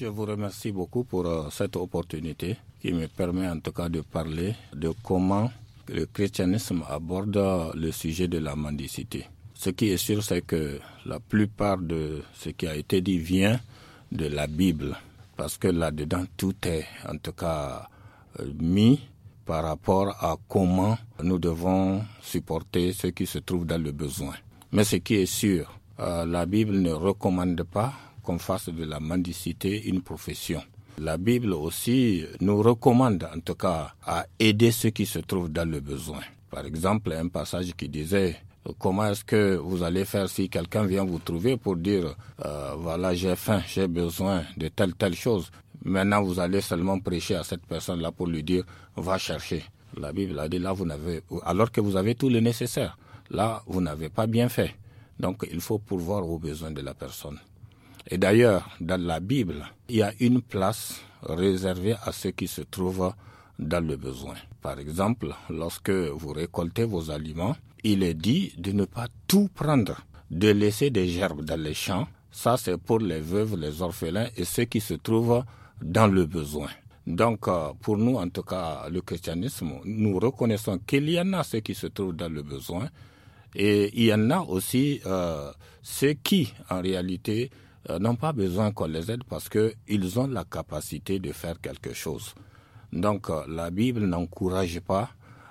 Je vous remercie beaucoup pour euh, cette opportunité qui me permet en tout cas de parler de comment le christianisme aborde euh, le sujet de la mendicité. Ce qui est sûr, c'est que la plupart de ce qui a été dit vient de la Bible, parce que là-dedans, tout est en tout cas euh, mis par rapport à comment nous devons supporter ceux qui se trouvent dans le besoin. Mais ce qui est sûr, la Bible ne recommande pas qu'on fasse de la mendicité une profession. La Bible aussi nous recommande en tout cas à aider ceux qui se trouvent dans le besoin. Par exemple, un passage qui disait comment est-ce que vous allez faire si quelqu'un vient vous trouver pour dire euh, voilà j'ai faim, j'ai besoin de telle telle chose. Maintenant vous allez seulement prêcher à cette personne-là pour lui dire va chercher. La Bible a dit là vous n'avez alors que vous avez tout le nécessaire. Là vous n'avez pas bien fait. Donc il faut pourvoir aux besoins de la personne. Et d'ailleurs, dans la Bible, il y a une place réservée à ceux qui se trouvent dans le besoin. Par exemple, lorsque vous récoltez vos aliments, il est dit de ne pas tout prendre, de laisser des gerbes dans les champs. Ça, c'est pour les veuves, les orphelins et ceux qui se trouvent dans le besoin. Donc, euh, pour nous, en tout cas, le christianisme, nous reconnaissons qu'il y en a ceux qui se trouvent dans le besoin et il y en a aussi euh, ceux qui, en réalité, euh, n'ont pas besoin qu'on les aide parce qu'ils ont la capacité de faire quelque chose. Donc euh, la Bible n'encourage pas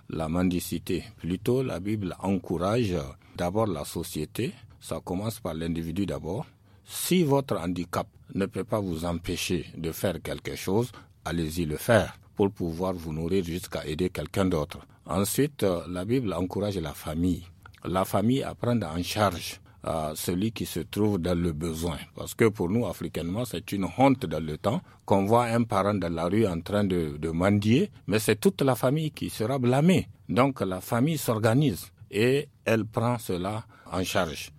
la mendicité. Plutôt, la Bible encourage euh, d'abord la société. Ça commence par l'individu d'abord. Si votre handicap ne peut pas vous empêcher de faire quelque chose, allez-y le faire pour pouvoir vous nourrir jusqu'à aider quelqu'un d'autre. Ensuite, la Bible encourage la famille. La famille à prendre en charge à celui qui se trouve dans le besoin. Parce que pour nous, africainement, c'est une honte dans le temps qu'on voit un parent dans la rue en train de, de mendier, mais c'est toute la famille qui sera blâmée. Donc la famille s'organise et elle prend cela en charge.